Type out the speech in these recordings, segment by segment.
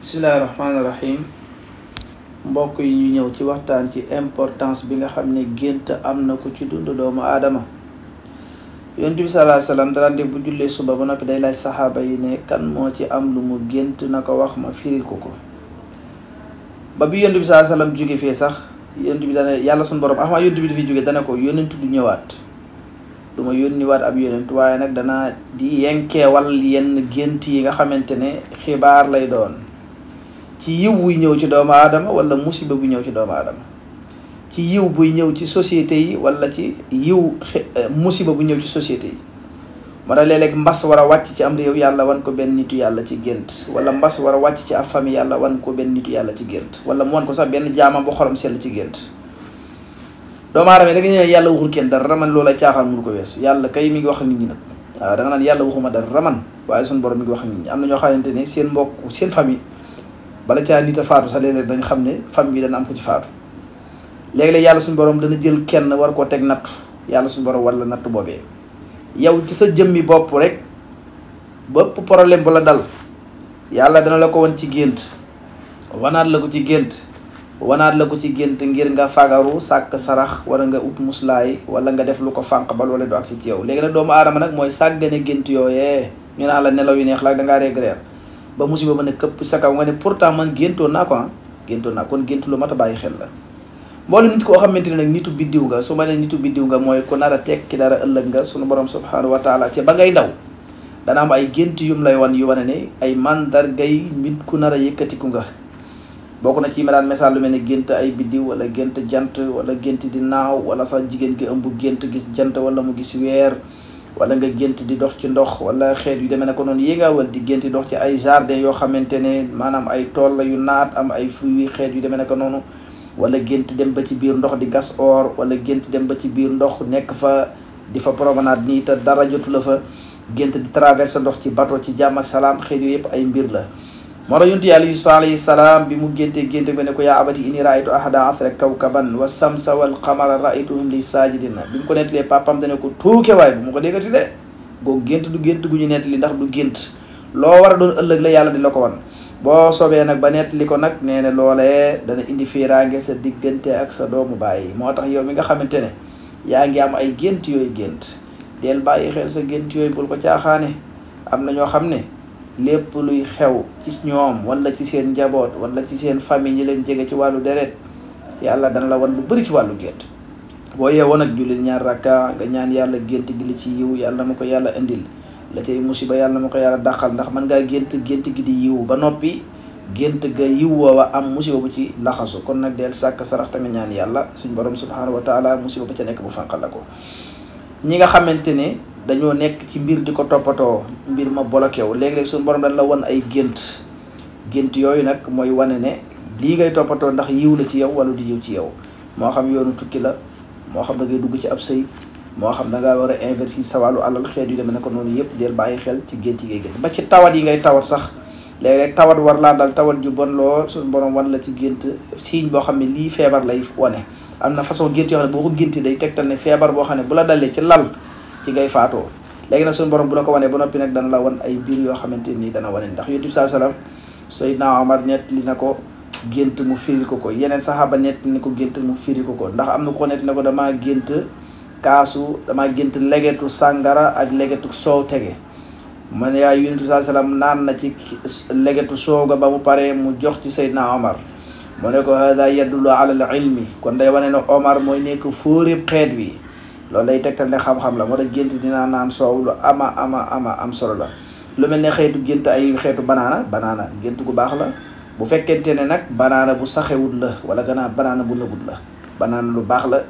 bismillahirrahmanirrahim mbokk yi ñu ñëw ci waxtaan ci importance bi nga xam ne gént am na ko ci dund doomu aadama yonent bi salaa salaam daan def bu jullee suba ba noppi day laaj yi ne kan moo ci am lu mu gént na ko wax ma firil ko ko ba bi yonent bi salaa salaam jóge fee sax yonent bi dana yàlla sun borom ahma yonent bi fi jóge dana ko yonent du ñëwaat du ma wat ab yonent waaye nag dana di wal yenn gént yi nga xamante ne xibaar lay doon ci yiw buy ñëw ci doomu aadama wala musiba bu ñëw ci doomu aadama ci yiw buy ñëw ci société yi wala ci yiw eh, musiba bu ñëw ci société yi moo tax léeg mbass mbas war a wàcc ci am réew yàlla wan ko benn nitu yàlla ci gént wala mbas war a wàcc ci ab famille wan ko benn nitu yàlla ci gént wala mu wan ko sax benn jaamam bu xorom sell ci gént doomu aadama da nga ñëw yàlla waxul kenn dara man loola caaxaan mu ko weesu yàlla kay mi ngi wax nit ñi nag waaw da nga naan yàlla waxuma dara raman waaye sun borom mi ngi wax nit ñi am na ñoo xamante ne seen mbokk seen famille bala caa nit a faatu sa léeg-léeg dañ xam ne fam bi dana am ko ci faatu léegi léeg yàlla suñu borom dana jël kenn war koo teg nattu yàlla suñu borom war la nattu boobee yow ci sa jëmmi bopp rek bépp problème bu la dal yàlla dana la ko wan ci gént wanaat la ko ci gént wanaat la ko ci gént ngir nga fagaru sàkk sarax wala nga ut muslaay wala nga def lu ko fànq ba loolee du agsi ci yow léegi nag doomu aadama nag mooy sàggane gént yooyee ñu naan la nelaw yu neex la dangaa regreer ba musiba mën a këpp sa kaw nga ne pourtant man géntoon naa ko ah géntoon naa kon géntu lu mat a bàyyi xel la mboolem koo xamante ne nag nitu biddiw nga su ma ne nitu biddiw nga mooy ku nar a tekki dara ëllëg nga sunu borom subhanahu wa taala ci ba ngay ndaw dana am ay gént yum lay wan yu wane ne ay mandargay nit ku nara a yëkkatiku nga bokk na ci ma daan misaal lu mel ne gént ay biddiw wala gént jant wala gént di naaw wala sax jigéen gi ëmb gént gis jant wala mu gis weer wala nga gént di dox ci ndox wala xeet yu demee ne ko noonu nga wala di gént di dox ci ay jardin yoo xamante ne maanaam ay tool la yu naat am ay fruits xeet yu demee ne ko noonu wala gént dem ba ci biir ndox di gas or wala gént dem ba ci biir ndox nekk fa di fa promenade nii te dara jotu la fa gént di traverser ndox ci bateau ci jàmm ak salaam xeet yooyu yëpp ay mbir la moo tax yontu yàlla yusufa alayhi salaam bi mu géntee génte ba ne ko yaa abati inni raaytu ahada asra kawkaban wa samsa wal qamara raaytuhum li saajidina bi mu ko nettalee papam dane ko tuuke waay bu mu ko déggati de googu gént du gént gu ñu nettali ndax du gént loo war a doon ëllëg la yàlla di la ko wan boo sobee nag ba nettali ko nag nee ne loolee dana indi fiiraange sa diggante ak sa doomu bàyyi moo tax yow mi nga xamante ne yaa ngi am ay gént yooyu gént del bàyyi sa gént yooyu bul ko caaxaane am na ñoo xam ne lépp luy xew ci ñoom wala ci seen njaboot wala ci seen famille ñi leen jege ci wàllu deret yàlla dana la wan lu bari ci wàllu gént boo yeewoon ak jullit ñaar rakka nga ñaan yàlla gént gi li ci yiw yàlla ma ko yàlla indil la tey musiba yàlla ma ko yàlla dàqal ndax man ngaa gént gént gi di yiw ba noppi gént ga yiw woowa am musiba bu ci laxasu kon nag del sàkk sarax te nga ñaan yàlla suñ borom subhaanahu wa taala musiba ba ca nekk bu fànqal la ko ñi nga dañoo nekk ci mbir di ko toppatoo mbir ma bloqué wu léegi léeg suñu borom dañ la wan ay gént gént yooyu nag mooy wane ne lii ngay toppatoo ndax yiw la ci yow wala di yiw ci yow moo xam yoonu tukki la moo xam da ngay dugg ci ab sëy moo xam da ngaa war a investir sa wàllu alal xeet yu demee ne ko noonu yëpp del bàyyi xel ci gént yi ngay gént ba yi ngay tawat sax léeg-léeg war laa dal tawat ju bon lool suñu borom wan la ci gént signe boo xam ne lii feebar lay wane am na façon gént yoo xam ne boo ko génti day tegtal ne feebar boo xam ne bu la dalee ci lal ci ngay faatoo léegi nag suñu borom bu la ko wanee ba noppi nag dana la wan ay biir yoo xamante nii dana wane ndax yonent bi saa salaam Seydina Omar nettali na ko gént mu firi ko ko yeneen saxaaba nettali na ko gént mu firi ko ndax am na ko nettali na ko damaa kaasu damaa gént legetu ak legetu soow tege man yaa yonent bi saa salaam naan na ci legetu soow ga ba mu paree mu jox ci Seydina Omar mu ne ko hada yadullu ala al ilmi kon day wane na Omar mooy nekk fóorib xeet wi loolu lay tegtal ne xam-xam la moo tax gént dinaa naan soow lu ama ama ama am solo la lu mel ne xeetu gént ay xeetu banaana banaana gént gu baax la bu fekkente ne nag banaana bu saxewut la wala gannaaw banaana bu nëbut la banaana lu baax la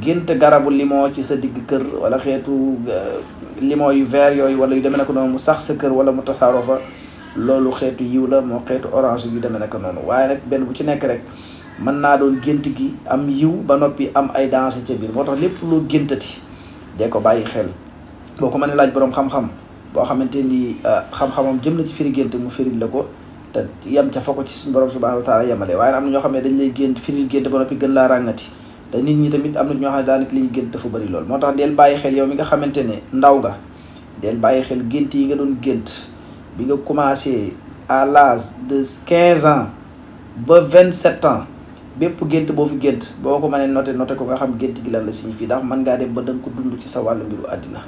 gént garabu limon ci sa digg kër wala xeetu euh, limon yu vert yooyu wala yu na ko noonu mu sax sa kër wala mu tasaaroo fa loolu xeetu yiw la moo xeetu orange yu demee naka noonu waaye rek benn bu ci nekk rek mën naa doon gént gi am yiw ba noppi am ay dance ca biir moo tax lépp loo géntati dee ko bàyyi xel boo ko mënee laaj boroom xam-xam boo xamante ni euh, xam-xamam jëm na ci firi gént mu firil la ko te yem ca fa ko ci suñu borom subhaanahu wa taala yemale waaye am na ñoo xam ne dañ lay gént firil gént ba noppi gën laa ràngati te nit ñi tamit am na ñoo xam ne daanaka li ñu gént dafa bari lool moo tax deel bàyyi xel yow mi nga xamante ne ndaw nga deel bàyyi xel gént yi nga doon gént bi nga commencé à l'âge de quinze ans ba vingt-sept ans bépp gént boo fi gént boo ko manee noté noté ko nga xam gént gi lan la signifie ndax mën ngaa dem ba danga ko dund ci sa wàllu mbiru àddina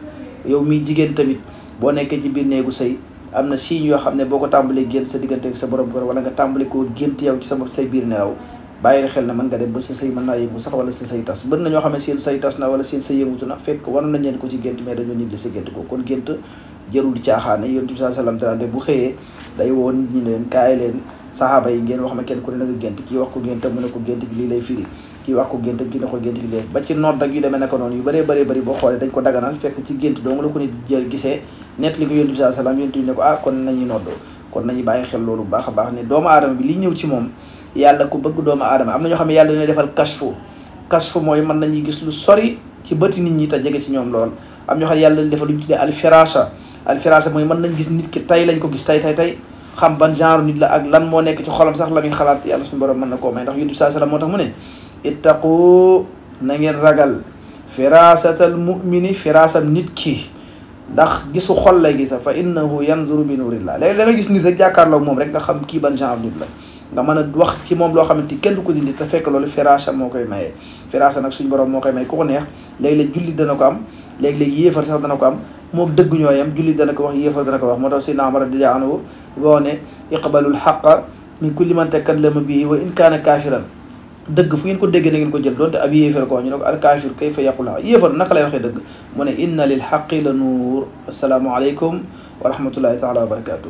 yow mi jigéen tamit boo nekkee ci biir néegu sëy am na signe yoo xam ne boo ko tàmbalee gént sa sa borom wala nga tàmbale koo gént yow ci sa say biir nelaw bàyyil xel na mën nga dem ba sa sëy mën naa yëngu sax wala sa tas bën na ñoo xam ne seen tas na wala seen sëy yëngutu na fekk waroon nañ leen ko ci gént mais dañoo nit li sa gént ko kon gént jërul caaxaane yonent bi sallallahu alayhi wasallam bu xëyee day woon leen kaay leen saxaaba yi ngeen wax ma kenn ku ne na gént kii wax ko géntam mu ne ko gént gi lii lay firi kii wax ko géntam kii ne ko gént gi lay ba ci nodd ko daganal fekk ci gént dong la ko nit jël gisee ko yonent bi saa salaam yonent bi ko ah baax a baax doomu aadama bi li ñëw ci moom yàlla ku bëgg doomu aadama am na ñoo xam ne yàlla dina defal kasfu kasfu mooy mën nañuy gis lu sori ci bëti nit ñi te jege ci ñoom lool am ñoo xam yàlla dina defal lu ñu tuddee alfirasa alfirasa mooy mën nañ gis nit ki tey lañ ko gis tay tay tey xam ban genre nit la ak lan moo nekk ci xolam sax la muy xalaat yàlla suñu borom mën na koo may ndax yunus bi saa salaam moo tax mu ne ittaqu na ngeen ragal firasat al mumini firasam nit ki ndax gisu xol lay gis fa innahu yanzuru bi nurillah léegi da nga gis nit rek jàkkaarloo moom rek nga xam kii ban genre nit la nga mën a wax ci moom loo xamante kenn du ko dindi te fekk loolu firasa moo koy maye firasa nag suñu borom moo koy may ku ko neex léegi la julli dana ko am léegi-léegi yéefar sax dana ko am moom dëgg ñooyam jullit dana ko wax yéefar dana ko wax moo tax Seydina Umar radiyallaahu anhu boo ne iqbalul xaqa min kulli man takallama bihi wa in kaana kaafiran dëgg fu ngeen ko déggee na ngeen ko jël doonte ab yéefar ko wax ñu ne ko al kaafir kay fa yàqu la yéefar naka lay waxee dëgg mu ne inna lil xaqi la nuur asalaamu aleykum wa rahmatullahi taala wa barakaatu